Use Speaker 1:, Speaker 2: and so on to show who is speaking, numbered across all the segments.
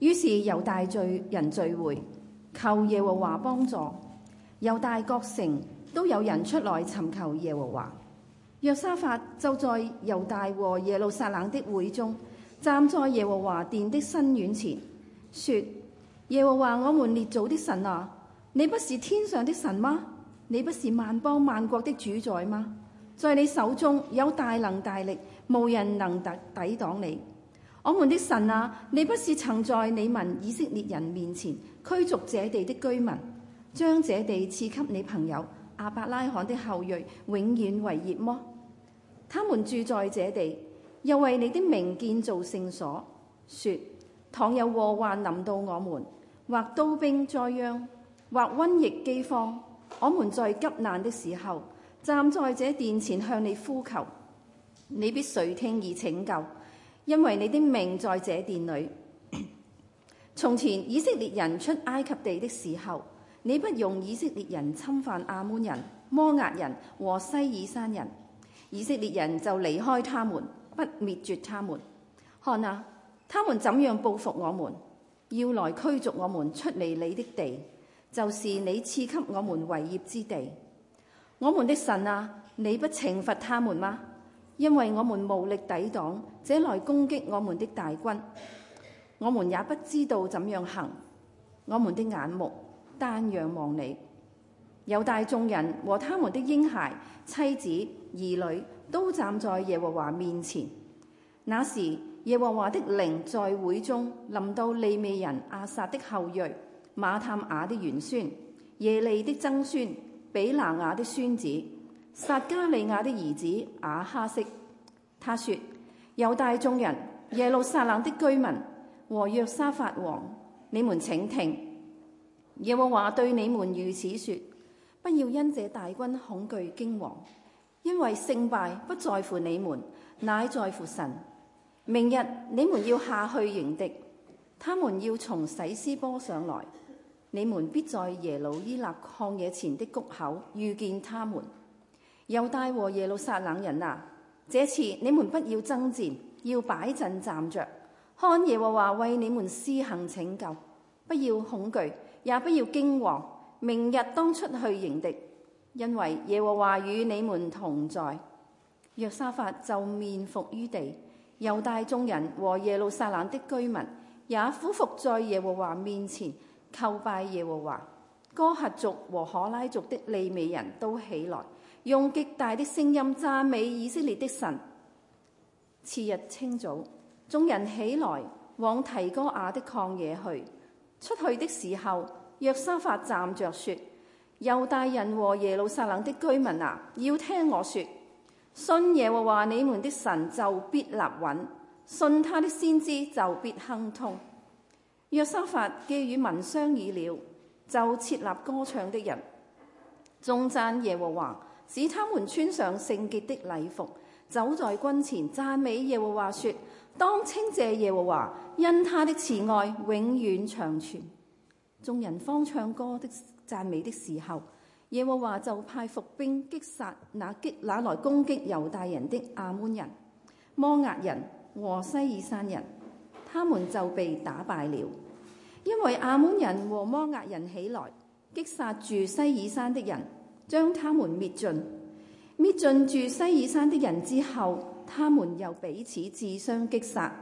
Speaker 1: 於是猶大眾人聚會，求耶和華幫助。猶大各城都有人出來尋求耶和華。約沙法就在猶大和耶路撒冷的會中，站在耶和華殿的新院前，說：耶和華我們列祖的神啊，你不是天上的神嗎？你不是萬邦萬國的主宰嗎？在你手中有大能大力，無人能抵擋你。我們的神啊，你不是曾在你民以色列人面前驅逐這地的居民，將這地賜給你朋友亞伯拉罕的後裔永遠為業麼？他們住在這地，又為你的名建造聖所，說：倘有禍患臨到我們，或刀兵災殃，或瘟疫饑荒，我們在急難的時候，站在這殿前向你呼求，你必垂聽而拯救。因為你的命在這殿裏。從前以色列人出埃及地的時候，你不用以色列人侵犯亞捫人、摩押人和西珥山人，以色列人就離開他們，不滅絕他們。看啊，他們怎樣報復我們，要來驅逐我們出離你的地，就是你賜給我們為業之地。我們的神啊，你不懲罰他們嗎？因為我們無力抵擋這來攻擊我們的大軍，我們也不知道怎樣行。我們的眼目單仰望你。猶大眾人和他們的嬰孩、妻子、兒女都站在耶和華面前。那時，耶和華的靈在會中臨到利未人亞薩的後裔、馬探雅的玄孫、耶利的曾孫、比拿雅的孫子。撒加利亞的兒子阿哈色，他說：猶大眾人、耶路撒冷的居民和約沙法王，你們請聽，耶和華對你們如此說：不要因這大軍恐懼驚惶，因為勝敗不在乎你們，乃在乎神。明日你們要下去迎敵，他們要從洗斯波上來，你們必在耶路伊納曠野前的谷口遇見他們。猶大和耶路撒冷人啊，這次你們不要爭戰，要擺陣站着，看耶和華為你們施行拯救，不要恐懼，也不要驚惶。明日當出去迎敵，因為耶和華與你們同在。約沙法就面伏於地，猶大眾人和耶路撒冷的居民也俯伏，伏在耶和華面前叩拜耶和華。哥轄族和可拉族的利未人都起來。用極大的聲音讚美以色列的神。次日清早，眾人起來往提哥亞的曠野去。出去的時候，約沙法站着說：猶大人和耶路撒冷的居民啊，要聽我說，信耶和華你們的神就必立穩，信他的先知就必亨通。約沙法既與民商議了，就設立歌唱的人，頌讚耶和華。使他們穿上聖潔的禮服，走在軍前讚美耶和華，說：當稱謝耶和華，因他的慈愛永遠長存。眾人方唱歌的讚美的時候，耶和華就派伏兵擊殺那擊打來攻擊猶大人的亞捫人、摩押人和西珥山人，他們就被打敗了。因為亞捫人和摩押人起來擊殺住西珥山的人。將他們滅盡，滅盡住西珥山的人之後，他們又彼此自相擊殺。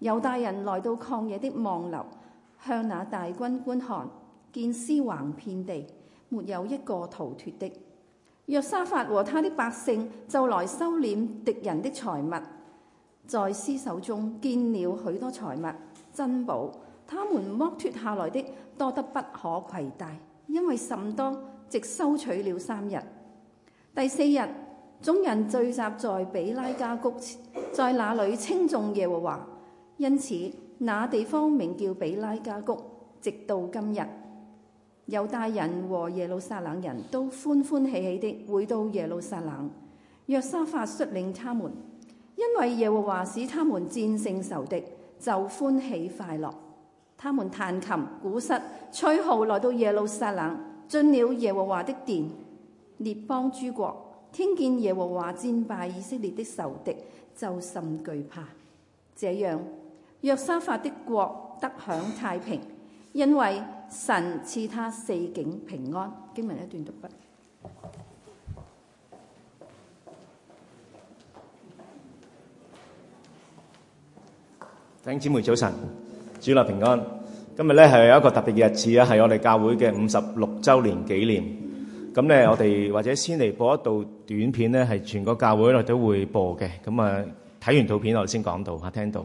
Speaker 1: 猶大人來到曠野的望樓，向那大軍觀看，見屍橫遍地，沒有一個逃脱的。約沙法和他的百姓就來收斂敵人的財物，在屍首中見了許多財物珍寶，他們剝脱下來的多得不可攜帶，因為甚多。直收取了三日。第四日，眾人聚集在比拉加谷，在那裏稱頌耶和華，因此那地方名叫比拉加谷，直到今日。猶大人和耶路撒冷人都歡歡喜喜的回到耶路撒冷，約沙法率領他們，因為耶和華使他們戰勝仇敵，就歡喜快樂。他們彈琴、鼓瑟、吹號，來到耶路撒冷。進了耶和華的殿，列邦諸國聽見耶和華戰敗以色列的仇敵，就甚懼怕。這樣，約沙法的國得享太平，因為神賜他四境平安。經文一段讀畢。弟
Speaker 2: 兄姊妹早晨，主內平安。今日咧係有一個特別嘅日子啊，係我哋教會嘅五十六週年紀念。咁咧，我哋或者先嚟播一道短片咧，係全個教會內都會播嘅。咁啊，睇完短片我先講到，嚇聽
Speaker 3: 到。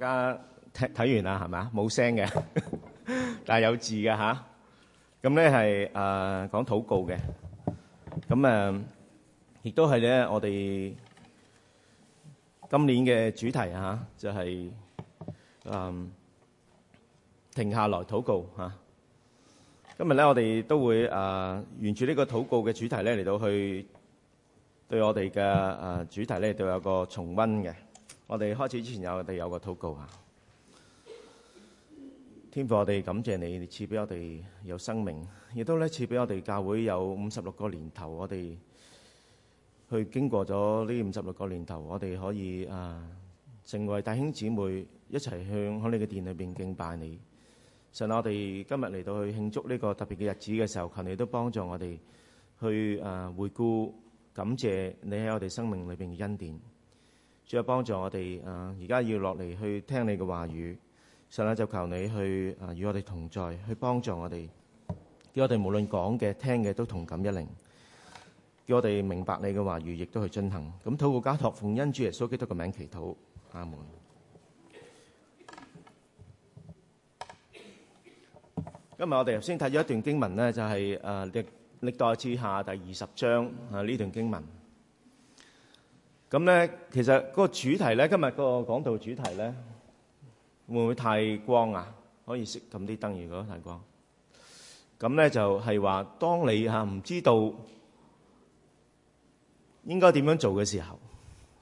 Speaker 2: 大家睇睇完啦，係咪啊？冇聲嘅，但係有字嘅嚇。咁咧係誒講禱告嘅，咁誒亦都係咧我哋今年嘅主題嚇，就係誒停下來禱告嚇。今日咧我哋都會誒沿住呢個禱告嘅主題咧嚟到去對我哋嘅誒主題咧都有個重溫嘅。我哋開始之前有，有我哋有個禱告啊！天父，我哋感謝你，賜俾我哋有生命，亦都呢賜俾我哋教會有五十六個年頭，我哋去經過咗呢五十六個年頭，我哋可以啊，成為弟兄姊妹一齊向喺你嘅殿裏邊敬拜你。神啊，我哋今日嚟到去慶祝呢個特別嘅日子嘅時候，求你都幫助我哋去啊回顧感謝你喺我哋生命裏邊嘅恩典。主要幫助我哋啊，而家要落嚟去聽你嘅話語，上禮就求你去啊，與我哋同在，去幫助我哋，叫我哋無論講嘅、聽嘅都同感一靈，叫我哋明白你嘅話語，亦都去進行。咁，禱告交託奉恩主耶穌基督嘅名祈禱，阿門。今日我哋頭先睇咗一段經文咧，就係、係、啊《歷代志下》第二十章啊呢段經文。咁咧，其實個主題咧，今日個講道主題咧，會唔會太光啊？可以熄咁啲燈，如果太光。咁咧就係話，當你嚇唔知道應該點樣做嘅時候，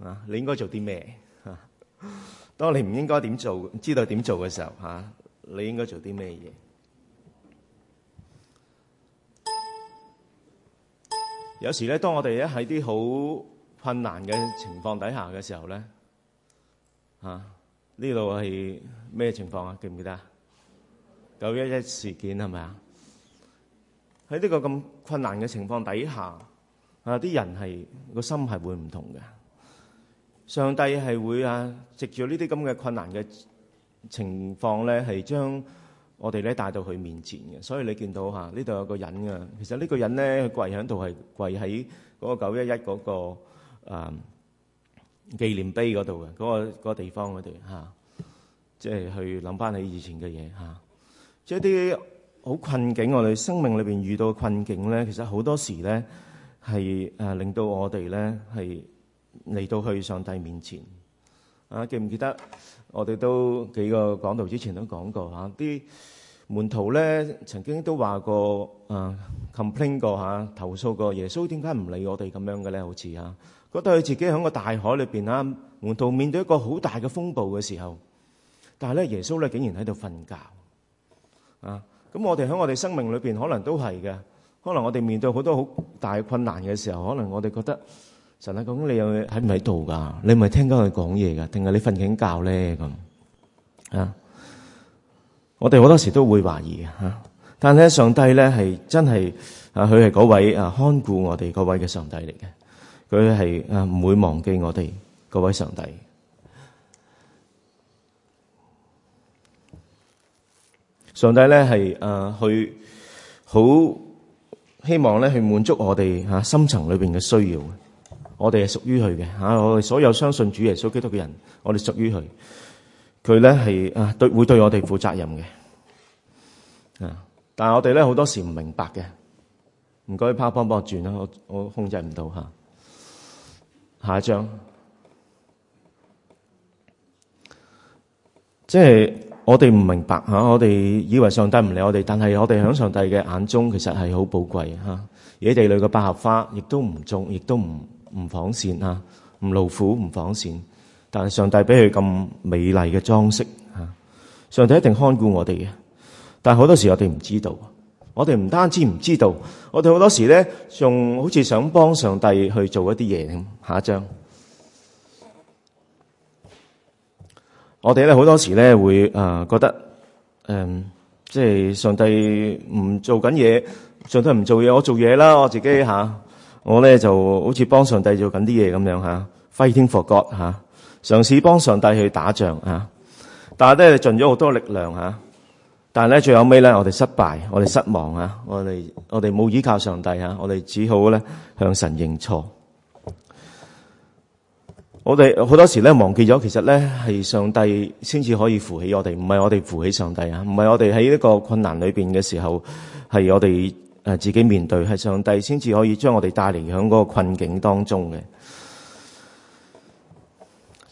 Speaker 2: 啊，你應該做啲咩？當你唔應該點做，知道點做嘅時候，嚇，你應該做啲咩嘢？有時咧，當我哋咧喺啲好困難嘅情況底下嘅時候咧，嚇呢度係咩情況啊？記唔記得啊？九一一事件係咪啊？喺呢個咁困難嘅情況底下，啊啲人係個心係會唔同嘅。上帝係會啊，藉住呢啲咁嘅困難嘅情況咧，係將我哋咧帶到佢面前嘅。所以你見到嚇呢度有個人嘅，其實呢個人咧佢跪喺度係跪喺嗰個九一一嗰個。啊！紀念碑嗰度嘅嗰個、嗰個地方嗰度吓，即、啊、係、即係、去諗翻起以前嘅嘢吓，即係啲好困境，我哋生命裏邊遇到嘅困境咧，其實好多時咧係，誒令到我哋咧係嚟到去上帝面前啊。記唔記得我哋都幾個講道之前都講過吓，啲、啊、門徒咧曾經都話過誒、啊、，complain 過吓、啊，投訴過耶穌點解唔理我哋咁樣嘅咧？好似吓。覺得佢自己喺個大海裏邊啊，門徒面對一個好大嘅風暴嘅時候，但係咧耶穌咧竟然喺度瞓覺啊！咁我哋喺我哋生命裏邊可能都係嘅，可能我哋面對好多好大困難嘅時候，可能我哋覺得神啊，咁你又喺唔喺度噶？你唔係聽緊佢講嘢噶，定係你瞓緊覺咧咁啊？我哋好多時都會懷疑吓，啊，但係上帝咧係真係啊，佢係嗰位啊看顧我哋嗰位嘅上帝嚟嘅。佢係啊，唔會忘記我哋各位上帝。上帝呢是啊，去好希望咧去滿足我哋吓、啊、深層裏面嘅需要。我哋係屬於佢嘅、啊、我哋所有相信主耶穌基督嘅人，我哋屬於佢。佢呢係啊，對會對我哋負責任嘅啊。但我哋呢好多時唔明白嘅。唔該，power 幫幫我轉，我我控制唔到吓。啊下一章，即係我哋唔明白吓，我哋以為上帝唔理我哋，但係我哋喺上帝嘅眼中，其實係好寶貴吓。野地裏嘅百合花，亦都唔種，亦都唔唔紡線吓，唔勞苦唔紡線，但係上帝俾佢咁美麗嘅裝飾吓，上帝一定看顧我哋嘅，但係好多時我哋唔知道。我哋唔單止唔知道，我哋好多時咧，仲好似想幫上帝去做一啲嘢咁。下一章，我哋咧好多時咧會誒、啊、覺得，嗯，即係上帝唔做緊嘢，上帝唔做嘢，我做嘢啦，我自己吓、啊，我咧就好似幫上帝做緊啲嘢咁樣吓，揮天霍國吓，嘗試幫上帝去打仗吓、啊，但係咧盡咗好多力量吓。啊但係咧，最後尾咧，我哋失敗，我哋失望啊！我哋我哋冇依靠上帝啊，我哋只好咧向神認錯。我哋好多時咧忘記咗，其實咧係上帝先至可以扶起我哋，唔係我哋扶起上帝啊！唔係我哋喺一個困難裏邊嘅時候，係我哋誒自己面對，係上帝先至可以將我哋帶嚟喺嗰個困境當中嘅。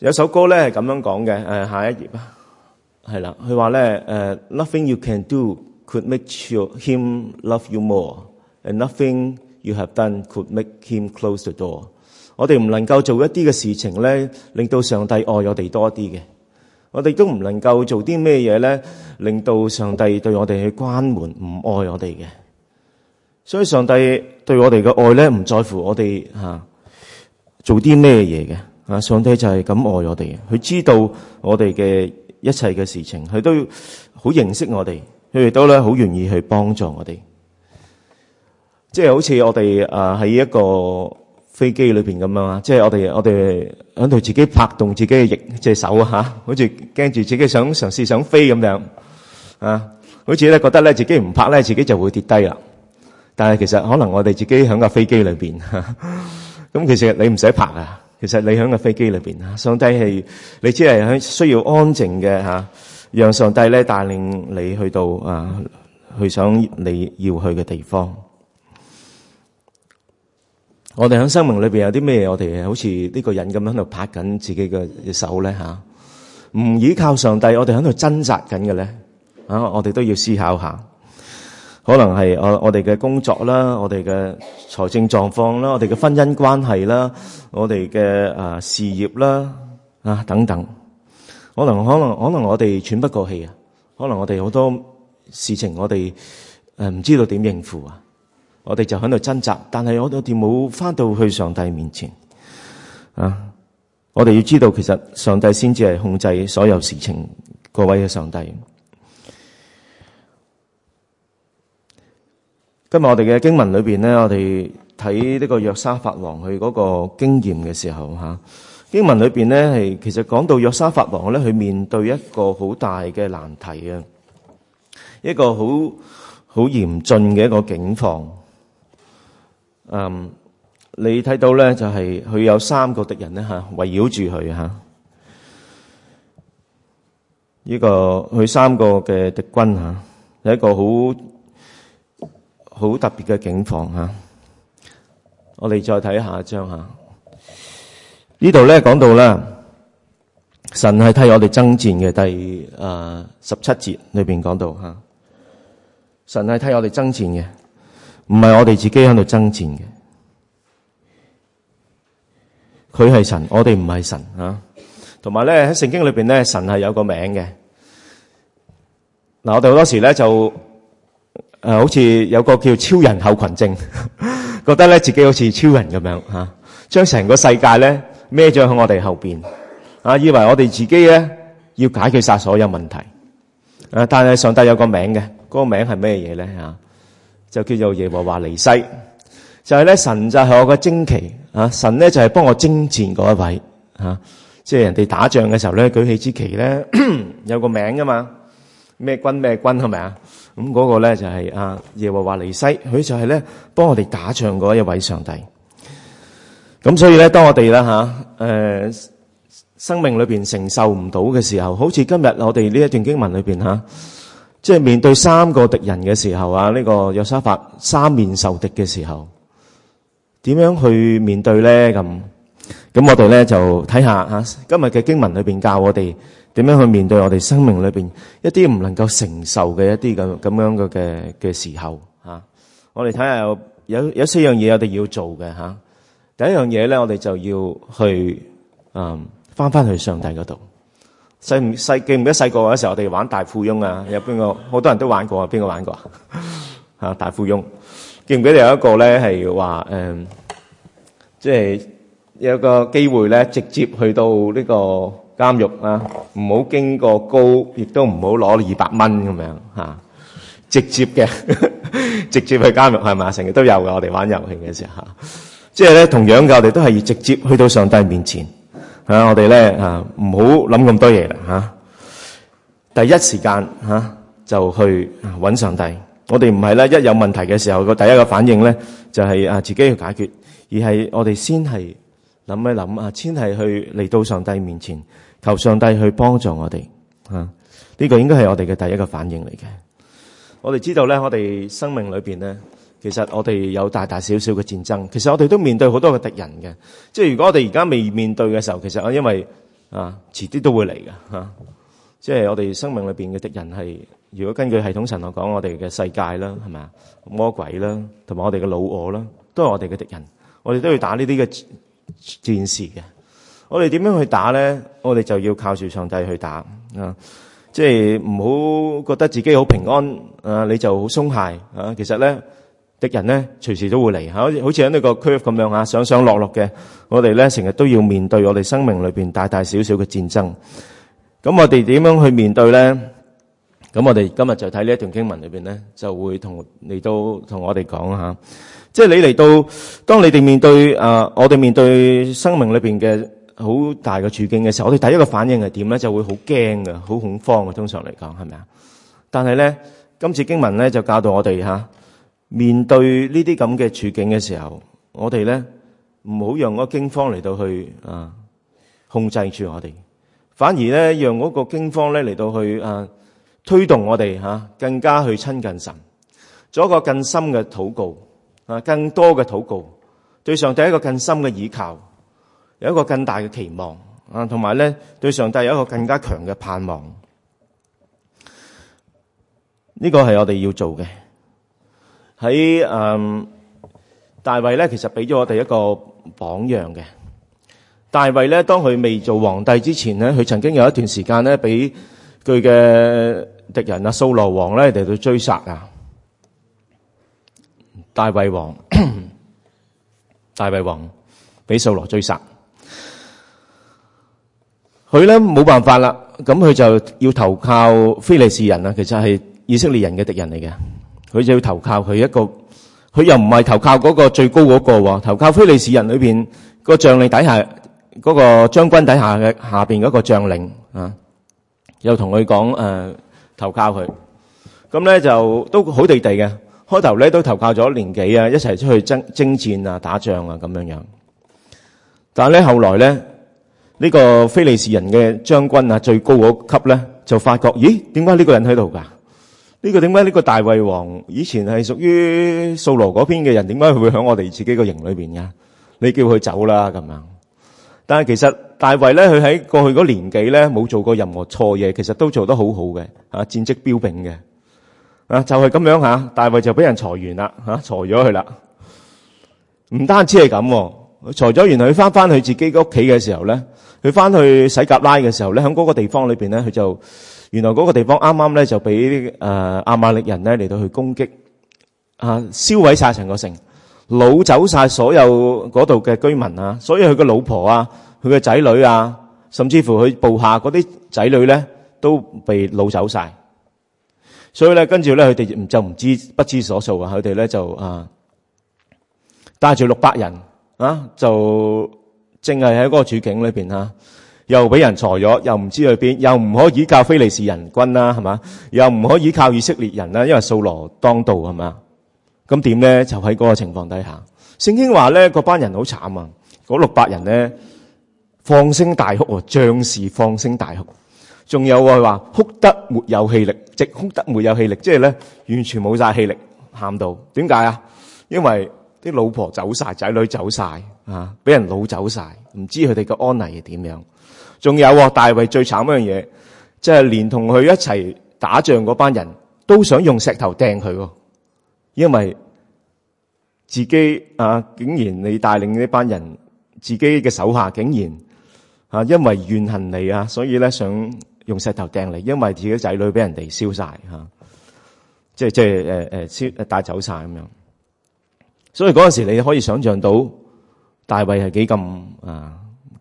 Speaker 2: 有一首歌咧係咁樣講嘅，誒，下一頁啦。係啦，佢話咧誒，Nothing you can do could make him love you more，and nothing you have done could make him close the door。我哋唔能夠做一啲嘅事情咧，令到上帝愛我哋多啲嘅；我哋都唔能夠做啲咩嘢咧，令到上帝對我哋去關門唔愛我哋嘅。所以上帝對我哋嘅愛咧，唔在乎我哋吓、啊、做啲咩嘢嘅。上帝就係咁愛我哋嘅。佢知道我哋嘅。一切嘅事情，佢都好認識我哋，佢哋都咧好願意去幫助我哋。即係好似我哋誒喺一個飛機裏邊咁啊，即係我哋我哋響度自己拍動自己嘅翼隻手啊吓，好似驚住自己想嘗試想飛咁樣啊，好似咧覺得咧自己唔拍咧自己就會跌低啦。但係其實可能我哋自己響架飛機裏邊，咁、啊、其實你唔使拍啊。其實你喺個飛機裏邊啊，上帝係你只係喺需要安靜嘅吓、啊，讓上帝咧帶領你去到啊，去想你要去嘅地方。我哋喺生命裏邊有啲咩？我哋好似呢個人咁樣喺度拍緊自己嘅手咧吓，唔、啊、依靠上帝，我哋喺度掙扎緊嘅咧啊！我哋都要思考下。可能係我我哋嘅工作啦，我哋嘅財政狀況啦，我哋嘅婚姻關係啦，我哋嘅事業啦啊等等，可能可能可能我哋喘不過氣啊，可能我哋好多事情我哋誒唔知道點應付啊，我哋就喺度掙扎，但係我哋冇翻到去上帝面前啊！我哋要知道，其實上帝先至係控制所有事情，各位嘅上帝。因為我哋嘅經文裏邊咧，我哋睇呢個約沙法王佢嗰個經驗嘅時候吓，經文裏邊咧係其實講到約沙法王咧，佢面對一個好大嘅難題啊，一個好好嚴峻嘅一個境況。嗯，你睇到咧就係佢有三個敵人咧吓，圍繞住佢吓。呢個佢三個嘅敵軍吓，有一個好。好特別嘅境況吓，我哋再睇下一張吓，呢度咧講到啦，神係替我哋爭戰嘅，第誒十七節裏邊講到吓，神係替我哋爭戰嘅，唔係我哋自己喺度爭戰嘅，佢係神，我哋唔係神啊，同埋咧喺聖經裏邊咧，神係有個名嘅，嗱我哋好多時咧就。誒、呃，好似有個叫超人後群症，覺得咧自己好似超人咁樣吓，將、啊、成個世界咧孭咗喺我哋後邊，啊，以為我哋自己咧要解決晒所有問題，啊，但係上帝有個名嘅，嗰、那個名係咩嘢咧吓？就叫做耶和華尼西，就係、是、咧神就係我個征旗啊，神咧就係幫我征戰嗰一位即係、啊就是、人哋打仗嘅時候咧，舉起支旗咧 有個名噶嘛，咩軍咩軍係咪啊？咁、那、嗰個咧就係阿耶和華尼西，佢就係咧幫我哋打仗嗰一位上帝。咁所以咧，當我哋啦吓，誒、啊呃，生命裏邊承受唔到嘅時候，好似今日我哋呢一段經文裏邊吓，即、啊、係、就是、面對三個敵人嘅時候啊，呢、這個約沙法三面受敵嘅時候，點樣去面對咧？咁，咁我哋咧就睇下吓，今日嘅經文裏邊教我哋。點樣去面對我哋生命裏邊一啲唔能夠承受嘅一啲咁咁樣嘅嘅嘅時候啊？我哋睇下有有四樣嘢我哋要做嘅吓。第一樣嘢咧，我哋就要去嗯翻翻去上帝嗰度。細細記唔記得細個嗰時候我哋玩大富翁啊？有邊個好多人都玩過啊？邊個玩過啊？吓大富翁記唔記得有一個咧係話誒，即係有個機會咧，直接去到呢個。監獄啊，唔好經過高，亦都唔好攞二百蚊咁樣吓，直接嘅，直接去監獄係嘛？成日都有嘅，我哋玩遊戲嘅時候，啊、即係咧同樣嘅，我哋都係直接去到上帝面前，啊、我哋咧唔好諗咁多嘢啦吓，第一時間吓，啊、就去搵上帝。我哋唔係咧，一有問題嘅時候個第一個反應咧就係、是、啊自己去解決，而係我哋先係諗一諗啊，先係去嚟到上帝面前。求上帝去幫助我哋，啊！呢個應該係我哋嘅第一個反應嚟嘅。我哋知道咧，我哋生命裏面咧，其實我哋有大大小小嘅戰爭。其實我哋都面對好多嘅敵人嘅。即係如果我哋而家未面對嘅時候，其實因為啊，遲啲都會嚟嘅、啊。即係我哋生命裏面嘅敵人係，如果根據系統神學講，我哋嘅世界啦，係咪啊？魔鬼啦，同埋我哋嘅老我啦，都係我哋嘅敵人。我哋都要打呢啲嘅戰事嘅。我哋點樣去打咧？我哋就要靠住上帝去打啊！即係唔好覺得自己好平安啊，你就好鬆懈啊。其實咧，敵人咧隨時都會嚟、啊、好似喺呢個 curve 咁樣啊，上上落落嘅。我哋咧成日都要面對我哋生命裏面大大小小嘅戰爭。咁我哋點樣去面對咧？咁我哋今日就睇呢一段經文裏面咧，就會同嚟到同我哋講下。即係你嚟到，當你哋面對、啊、我哋面對生命裏面嘅。好大嘅處境嘅時候，我哋第一個反應係點咧？就會好驚㗎，好恐慌㗎。通常嚟講係咪啊？但係咧，今次經文咧就教導我哋吓，面對呢啲咁嘅處境嘅時候，我哋咧唔好讓嗰個驚慌嚟到去啊控制住我哋，反而咧讓嗰個驚慌咧嚟到去啊推動我哋吓，更加去親近神，做一個更深嘅禱告啊，更多嘅禱告，對上帝一個更深嘅倚靠。有一個更大嘅期望啊，同埋咧對上帝有一個更加強嘅盼望。呢個係我哋要做嘅。喺嗯大衛咧，其實俾咗我哋一個榜樣嘅。大衛咧，當佢未做皇帝之前咧，佢曾經有一段時間咧，俾佢嘅敵人啊，掃羅王咧嚟到追殺啊。大衛王， 大衛王俾掃羅追殺。佢咧冇辦法啦，咁佢就要投靠非利士人啦。其實係以色列人嘅敵人嚟嘅，佢就要投靠佢一個，佢又唔係投靠嗰個最高嗰個喎，投靠非利士人裏邊個將領底下嗰個將軍底下嘅下邊嗰個將領啊，又同佢講誒投靠佢，咁咧就都好地地嘅。開頭咧都投靠咗年幾啊，一齊出去征征戰啊、打仗啊咁樣樣。但係咧後來咧。呢、這個菲利士人嘅將軍啊，最高嗰級咧，就發覺咦，點解呢個人喺度噶？呢個點解呢個大衛王以前係屬於掃羅嗰邊嘅人，點解佢會響我哋自己個營裏邊呀？你叫佢走啦，咁樣。但係其實大衛咧，佢喺過去嗰年紀咧，冇做過任何錯嘢，其實都做得好好嘅，啊，戰戰績彪炳嘅。啊，就係、是、咁樣吓、啊，大衛就俾人裁員啦，吓、啊，裁咗佢啦。唔單止係咁，啊，喎，裁咗完，佢翻翻去自己個屋企嘅時候咧。佢返去洗革拉嘅時候咧，喺嗰個地方裏邊咧，佢就原來嗰個地方啱啱咧就俾啲誒亞瑪力人咧嚟到去攻擊啊，燒毀晒成個城，擄走晒所有嗰度嘅居民啊，所以佢個老婆啊，佢個仔女啊，甚至乎佢部下嗰啲仔女咧都被擄走晒，所以咧跟住咧佢哋就唔知不知所措啊，佢哋咧就啊帶住六百人啊就。正係喺嗰個主境裏面，又俾人坐咗，又唔知去邊，又唔可以靠非利士人軍啦，係嘛？又唔可以靠以色列人啦，因為掃羅當道係嘛？咁點咧？就喺嗰個情況底下，聖經話咧，嗰班人好慘啊！嗰六百人咧，放聲大哭喎，將士放聲大哭，仲有佢話哭得沒有氣力，直哭得沒有氣力，即係咧完全冇晒氣力喊到。點解啊？因為啲老婆走晒，仔女走晒，啊，俾人擄走晒，唔知佢哋嘅安危係點樣？仲有，大衛最慘一樣嘢，即係連同佢一齊打仗嗰班人都想用石頭掟佢，因為自己啊，竟然你帶領呢班人，自己嘅手下竟然啊，因為怨恨你啊，所以咧想用石頭掟你，因為自己仔女俾人哋燒晒，吓，啊，即係即係誒誒燒帶走晒咁樣。所以嗰陣時，你可以想象到大衛係幾咁啊，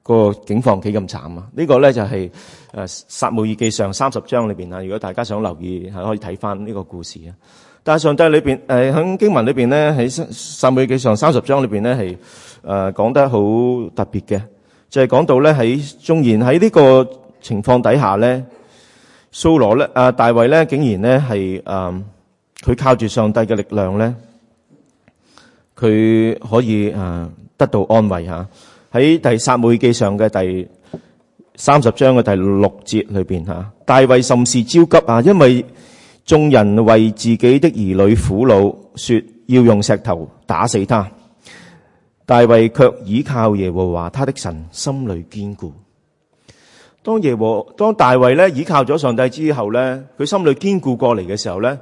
Speaker 2: 個境況幾咁慘啊！這個、呢個咧就係誒撒母耳記上三十章裏面啊。如果大家想留意，可以睇翻呢個故事啊。但係上帝裏面，誒、呃、喺經文裏面咧，喺撒母耳記上三十章裏面咧，係誒講得好特別嘅，就係、是、講到咧，喺縱然喺呢個情況底下咧，掃羅咧啊、呃、大衛咧竟然咧係誒佢靠住上帝嘅力量咧。佢可以啊得到安慰吓，喺第撒母耳記上嘅第三十章嘅第六節裏邊吓，大衛甚是焦急啊，因為眾人為自己的兒女苦惱，說要用石頭打死他。大衛卻倚靠耶和華他的神，心裏堅固。當耶和當大衛咧倚靠咗上帝之後咧，佢心裏堅固過嚟嘅時候咧。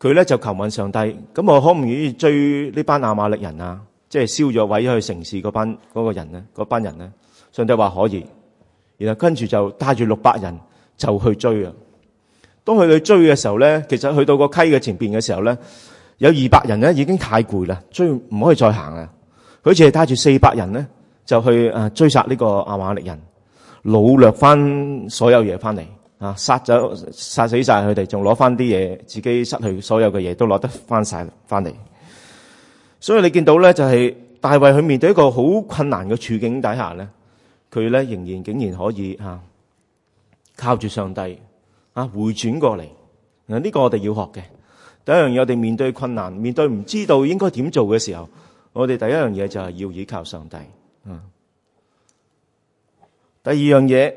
Speaker 2: 佢咧就求問上帝，咁我可唔可以追呢班亞瑪力人啊？即係燒咗毀咗城市嗰班嗰個人咧，嗰班人咧？上帝話可以，然後跟住就帶住六百人就去追啊。當佢哋追嘅時候咧，其實去到個溪嘅前邊嘅時候咧，有二百人咧已經太攰啦，追唔可以再行啦。佢只係帶住四百人咧就去誒追殺呢個亞瑪力人，擄掠翻所有嘢翻嚟。啊！殺咗殺死晒佢哋，仲攞翻啲嘢，自己失去所有嘅嘢都攞得翻晒翻嚟。所以你見到咧，就係大衛佢面對一個好困難嘅處境底下咧，佢咧仍然竟然可以吓靠住上帝啊，回轉過嚟。嗱，呢個我哋要學嘅第一樣嘢，我哋面對困難，面對唔知道應該點做嘅時候，我哋第一樣嘢就係要依靠上帝。嗯，第二樣嘢。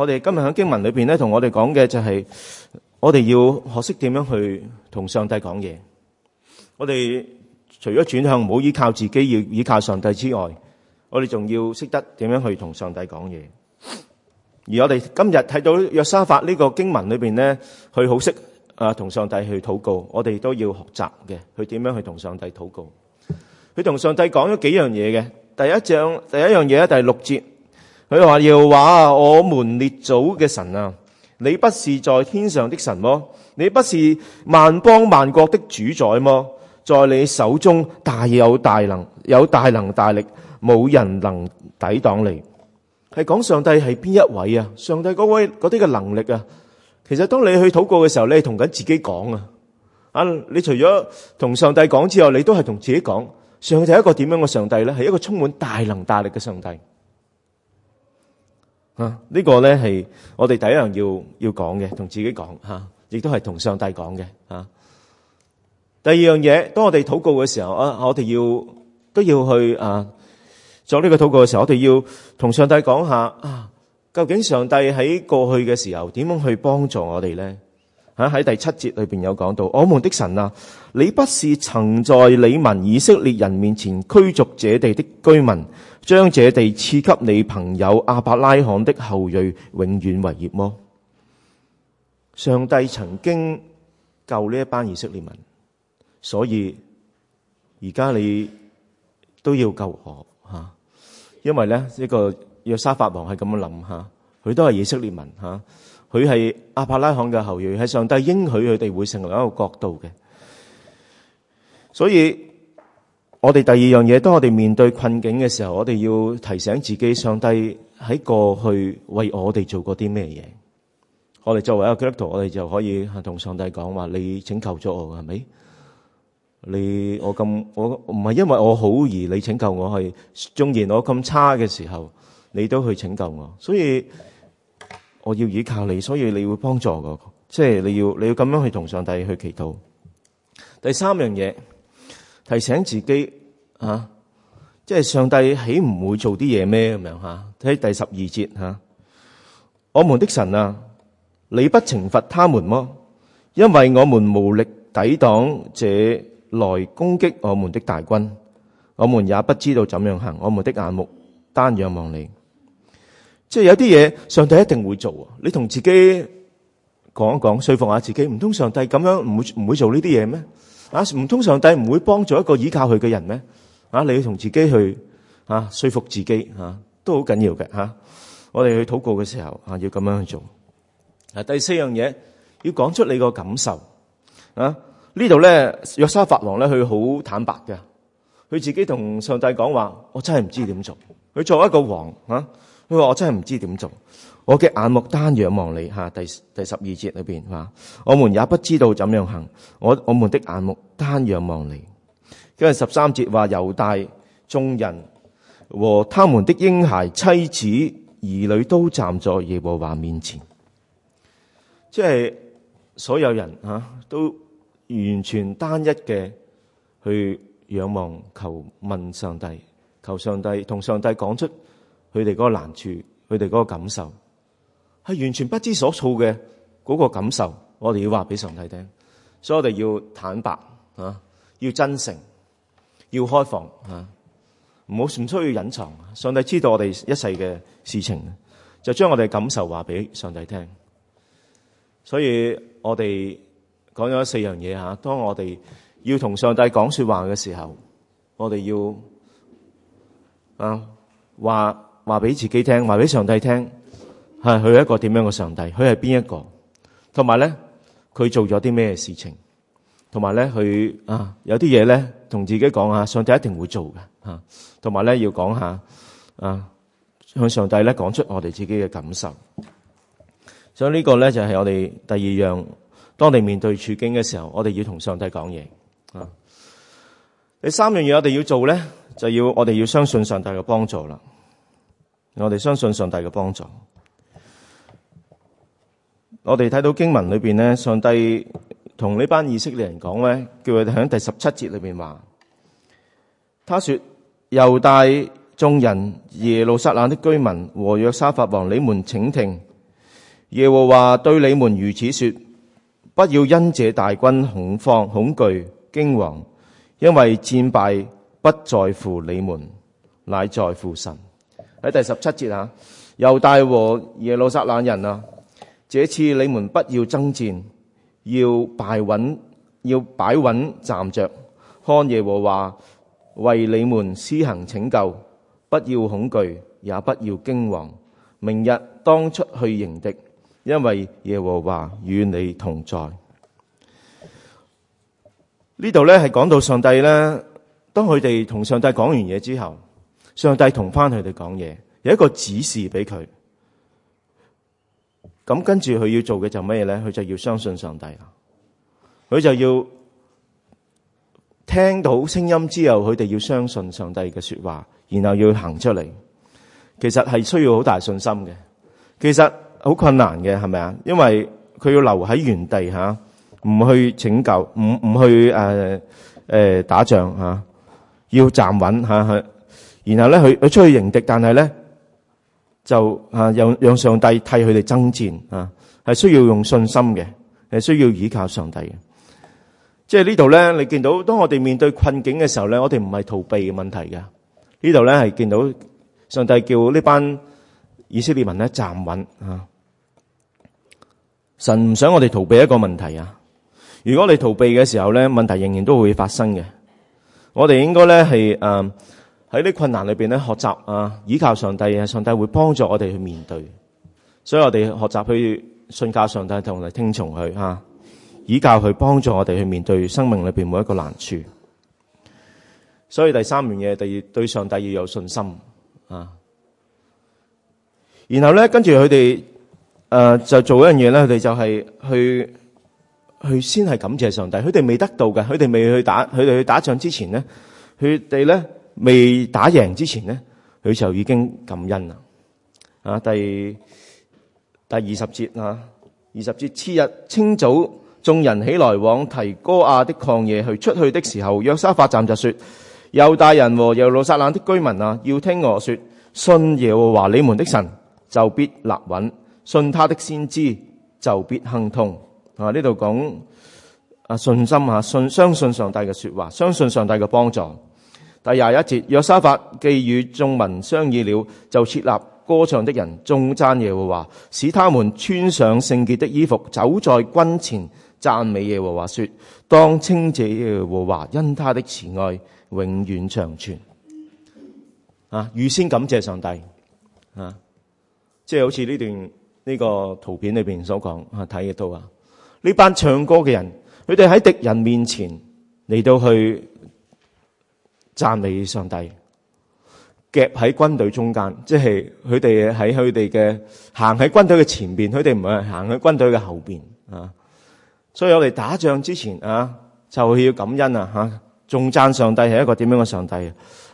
Speaker 2: 我哋今日喺經文裏邊咧，同我哋講嘅就係，我哋要學識點樣去同上帝講嘢。我哋除咗轉向唔好依靠自己，要依靠上帝之外，我哋仲要識得點樣去同上帝講嘢。而我哋今日睇到約沙法呢個經文裏邊咧，佢好識啊同上帝去禱告。我哋都要學習嘅，去點樣去同上帝禱告。佢同上帝講咗幾樣嘢嘅，第一章第一樣嘢咧，就係六節。佢話要話我們列祖嘅神啊，你不是在天上的神麼？你不是萬邦萬國的主宰麼？在你手中大有大能，有大能大力，冇人能抵擋你。係講上帝係邊一位啊？上帝嗰位嗰啲嘅能力啊，其實當你去禱告嘅時候，你係同緊自己講啊啊！你除咗同上帝講之後，你都係同自己講，上帝係一個點樣嘅上帝呢？係一個充滿大能大力嘅上帝。啊、這個！呢個咧係我哋第一樣要要講嘅，同自己講吓、啊，亦都係同上帝講嘅。啊！第二樣嘢，當我哋禱告嘅時候啊，我哋要都要去啊，作呢個禱告嘅時候，我哋要，要、啊、要同上帝講下啊，究竟上帝喺過去嘅時候點樣去幫助我哋咧？喺第七節裏邊有講到，我們的神啊，你不是曾在你民以色列人面前驅逐這地的居民，將這地賜給你朋友阿伯拉罕的後裔永遠為業麼？上帝曾經救呢一班以色列民，所以而家你都要救我吓，因為呢呢、這個約沙法王係咁樣諗吓，佢都係以色列民吓。佢係亞伯拉罕嘅後裔，喺上帝應許佢哋會成為一個國度嘅。所以，我哋第二樣嘢，當我哋面對困境嘅時候，我哋要提醒自己，上帝喺過去為我哋做過啲咩嘢。我哋作為基督徒，我哋就可以同上帝講話，你拯救咗我，係咪？你我咁，我唔係因為我好而你拯救我，係，縱然我咁差嘅時候，你都去拯救我。所以。我要倚靠你，所以你會幫助我，即係你要你要咁樣去同上帝去祈禱。第三樣嘢，提醒自己吓，即係上帝豈唔會做啲嘢咩咁樣吓？睇第十二節吓，我們的神啊，你不懲罰他們麼？因為我們無力抵擋這來攻擊我們的大軍，我們也不知道怎樣行，我們的眼目單仰望你。即係有啲嘢，上帝一定會做。你同自己講一講，說服下自己，唔通上帝咁樣唔會唔會做呢啲嘢咩？啊，唔通上帝唔會幫助一個依靠佢嘅人咩？啊，你要同自己去吓說服自己吓、啊，都好緊要嘅吓、啊。我哋去禱告嘅時候、啊、要咁樣去做。啊，第四樣嘢要講出你個感受啊。呢度咧，約沙法王咧，佢好坦白嘅，佢自己同上帝講話，我真係唔知點做。佢作為一個王啊。佢話我真係唔知點做，我嘅眼目單仰望你，吓，第第十二節裏邊，我們也不知道怎樣行，我我們的眼目單仰望你。因為十三節話猶大眾人和他們的嬰孩、妻子、兒女都站在耶和華面前，即係所有人吓、啊、都完全單一嘅去仰望求問上帝，求上帝同上帝講出。佢哋嗰個難處，佢哋嗰個感受，係完全不知所措嘅嗰個感受，我哋要話俾上帝聽，所以我哋要坦白啊，要真誠，要開放啊，唔好唔需要隱藏。上帝知道我哋一世嘅事情，就將我哋嘅感受話俾上帝聽。所以我哋講咗四樣嘢吓，當我哋要同上帝講說話嘅時候，我哋要啊話。說話俾自己聽，話俾上帝聽，係佢一個點樣嘅上帝，佢係邊一個，同埋咧佢做咗啲咩事情，同埋咧佢啊有啲嘢咧同自己講下，上帝一定會做嘅啊，同埋咧要講下啊向上帝咧講出我哋自己嘅感受，所以呢個咧就係我哋第二樣，當你面對處境嘅時候，我哋要同上帝講嘢啊。第三樣嘢我哋要做咧，就要我哋要相信上帝嘅幫助啦。我哋相信上帝嘅幫助。我哋睇到經文裏面呢，上帝同呢班以色列人講呢，叫佢哋喺第十七節裏面話：他說，猶大眾人、耶路撒冷的居民和約沙法王，你們請聽，耶和華對你們如此說：不要因這大軍恐慌、恐懼、驚惶，因為戰敗不在乎你們，乃在乎神。喺第十七節吓，猶大和耶路撒冷人啊，這次你們不要爭戰，要擺穩，要擺穩站着，看耶和華為你們施行拯救，不要恐懼，也不要驚惶。明日當出去迎敵，因為耶和華與你同在。這裏呢度咧係講到上帝咧，當佢哋同上帝講完嘢之後。上帝同翻佢哋講嘢，有一個指示俾佢咁，跟住佢要做嘅就咩嘢咧？佢就要相信上帝啦。佢就要聽到聲音之後，佢哋要相信上帝嘅說話，然後要行出嚟。其實係需要好大信心嘅，其實好困難嘅，係咪啊？因為佢要留喺原地吓，唔去拯救，唔唔去誒誒、呃呃、打仗吓，要站穩吓、呃呃然後咧，佢佢出去迎敵，但係咧就啊，讓讓上帝替佢哋爭戰啊，係需要用信心嘅，係需要依靠上帝嘅。即係呢度咧，你見到當我哋面對困境嘅時候咧，我哋唔係逃避嘅問題嘅。呢度咧係見到上帝叫呢班以色列民咧站穩啊。神唔想我哋逃避一個問題啊。如果你逃避嘅時候咧，問題仍然都會發生嘅。我哋應該咧係誒。喺呢困難裏邊咧，學習啊，倚靠上帝，上帝會幫助我哋去面對，所以我哋學習去信靠上帝，同埋聽從佢，啊，倚靠佢幫助我哋去面對生命裏邊每一個難處。所以第三樣嘢，第二對上帝要有信心啊。然後咧，跟住佢哋誒就做一樣嘢咧，佢哋就係去去先係感謝上帝。佢哋未得到嘅，佢哋未去打，佢哋去打仗之前咧，佢哋咧，未打贏之前呢，佢就已經感恩啦。啊，第第二十節啊，二十節，次日清早，眾人起來往提哥亞的曠野去。出去的時候，約沙法站就說：猶大人和耶路撒冷的居民啊，要聽我說，信耶和華你們的神，就必立穩；信他的先知，就必亨通。啊，呢度講啊信心啊，信，啊信相信上帝嘅說話，相信上帝嘅幫助。第廿一節，約沙法既與眾民商議了，就設立歌唱的人，中贊耶和華，使他們穿上聖潔的衣服，走在軍前，讚美耶和華，說：當稱謝耶和華，因他的慈愛永遠長存。啊，預先感謝上帝啊！即係好似呢段呢個圖片裏邊所講啊，睇得到啊，呢班唱歌嘅人，佢哋喺敵人面前嚟到去。讚美上帝，夾喺軍隊中間，即係佢哋喺佢哋嘅行喺軍隊嘅前邊，佢哋唔係行喺軍隊嘅後邊啊。所以我哋打仗之前啊，就要感恩啊吓，仲讚上帝係一個點樣嘅上帝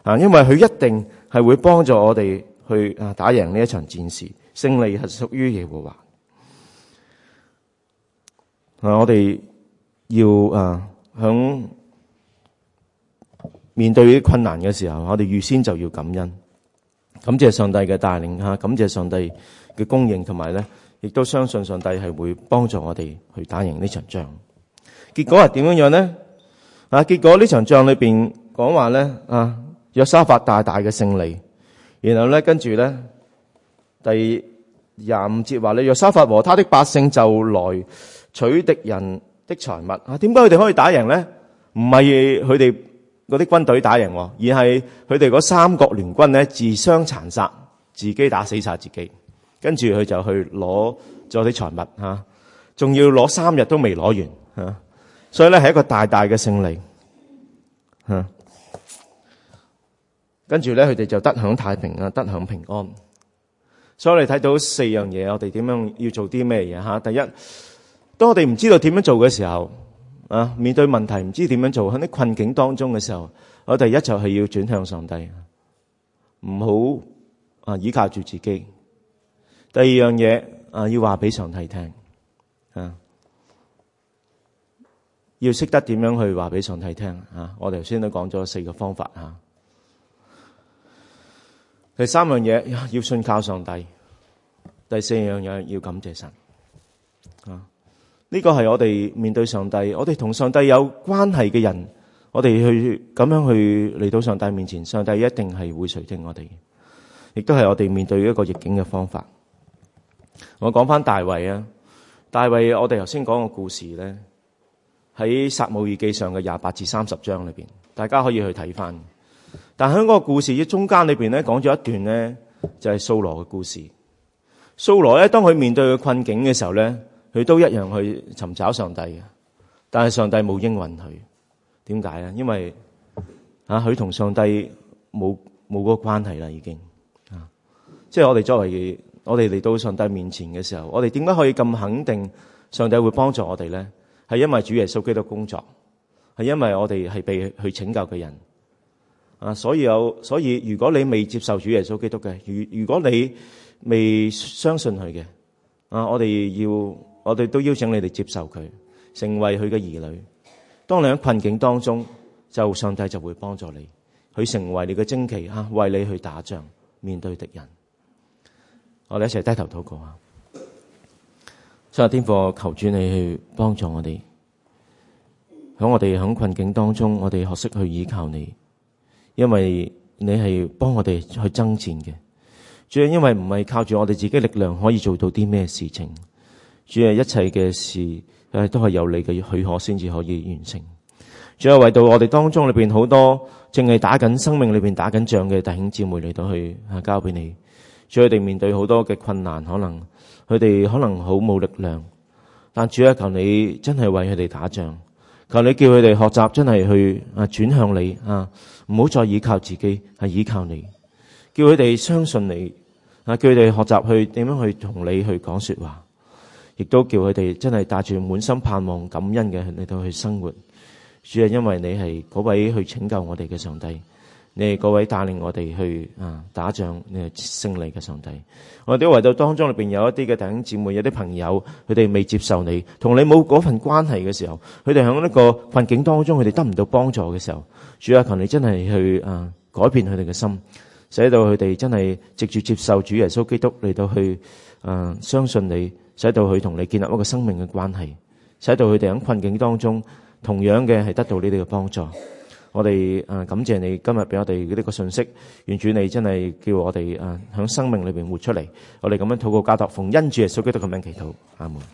Speaker 2: 啊？因為佢一定係會幫助我哋去啊打贏呢一場戰事，勝利係屬於耶和華。啊，我哋要啊響。面對困難嘅時候，我哋預先就要感恩，感謝上帝嘅帶領吓，感謝上帝嘅供應，同埋咧，亦都相信上帝係會幫助我哋去打贏呢場仗。結果係點樣樣咧？啊，結果呢場仗裏邊講話咧，啊，約沙法大大嘅勝利。然後咧，跟住咧，第廿五節話咧，約沙法和他的百姓就來取敵人的財物。啊，點解佢哋可以打贏咧？唔係佢哋。嗰啲軍隊打贏喎，而係佢哋嗰三國聯軍咧，自相殘殺，自己打死殺自己，跟住佢就去攞咗啲財物嚇，仲要攞三日都未攞完嚇，所以咧係一個大大嘅勝利嚇。跟住咧，佢哋就得享太平啊，得享平安。所以我哋睇到四樣嘢，我哋點樣要做啲咩嘢嚇？第一，當我哋唔知道點樣做嘅時候。啊！面對問題唔知點樣做，喺啲困境當中嘅時候，我第一就係要轉向上帝，唔好啊依靠住自己。第二樣嘢啊，要話俾上帝聽，啊，要識得點樣去話俾上帝聽啊！我哋頭先都講咗四個方法吓，啊，第三樣嘢，啊，要信靠上帝，第四樣嘢要感謝神。呢個係我哋面對上帝，我哋同上帝有關係嘅人，我哋去咁樣去嚟到上帝面前，上帝一定係會垂聽我哋，亦都係我哋面對一個逆境嘅方法。我講翻大衛啊，大衛，我哋頭先講個故事咧，喺撒母耳記上嘅廿八至三十章裏邊，大家可以去睇翻。但喺嗰個故事中間裏邊咧，講咗一段咧，就係蘇羅嘅故事。蘇羅咧，當佢面對嘅困境嘅時候咧。佢都一樣去尋找上帝嘅，但係上帝冇應允佢，點解啊？因為啊，佢同上帝冇冇嗰個關係啦，已經啊，即係我哋作為我哋嚟到上帝面前嘅時候，我哋點解可以咁肯定上帝會幫助我哋咧？係因為主耶穌基督工作，係因為我哋係被去拯救嘅人啊，所以有所以，如果你未接受主耶穌基督嘅，如如果你未相信佢嘅啊，我哋要。我哋都邀請你哋接受佢，成為佢嘅兒女。當你喺困境當中，就上帝就會幫助你，佢成為你嘅旌旗，啊，為你去打仗，面對敵人。我哋一齊低頭禱告啊！今日天父，求主你去幫助我哋，喺我哋喺困境當中，我哋學識去依靠你，因為你係幫我哋去爭戰嘅。主要因為唔係靠住我哋自己力量可以做到啲咩事情。主啊，一切嘅事誒都係由你嘅許可，先至可以完成。主啊，為到我哋當中裏邊好多正係打緊生命裏邊打緊仗嘅弟兄姊妹嚟到去啊，交俾你。主啊，佢哋面對好多嘅困難，可能佢哋可能好冇力量，但主啊，求你真係為佢哋打仗，求你叫佢哋學習真係去啊轉向你啊，唔好再依靠自己，係依靠你，叫佢哋相信你啊，叫佢哋學習去點樣去同你去講說話。亦都叫佢哋真係帶住滿心盼望、感恩嘅嚟到去生活。主係因為你係嗰位去拯救我哋嘅上帝，你係嗰位帶領我哋去啊打仗，你係勝利嘅上帝。我哋喺圍道當中，裏邊有一啲嘅弟兄姊妹，有啲朋友，佢哋未接受你，同你冇嗰份關係嘅時候，佢哋喺呢個困境當中，佢哋得唔到幫助嘅時候，主啊，求你真係去啊改變佢哋嘅心，使到佢哋真係直接接受主耶穌基督嚟到去啊相信你。使到佢同你建立一個生命嘅關係，使到佢哋喺困境當中同樣嘅係得到你哋嘅幫助。我哋誒感謝你今日俾我哋呢個信息，願主你真係叫我哋誒喺生命裏邊活出嚟。我哋咁樣禱告加特奉恩主嘅聖經都咁樣祈禱，阿門。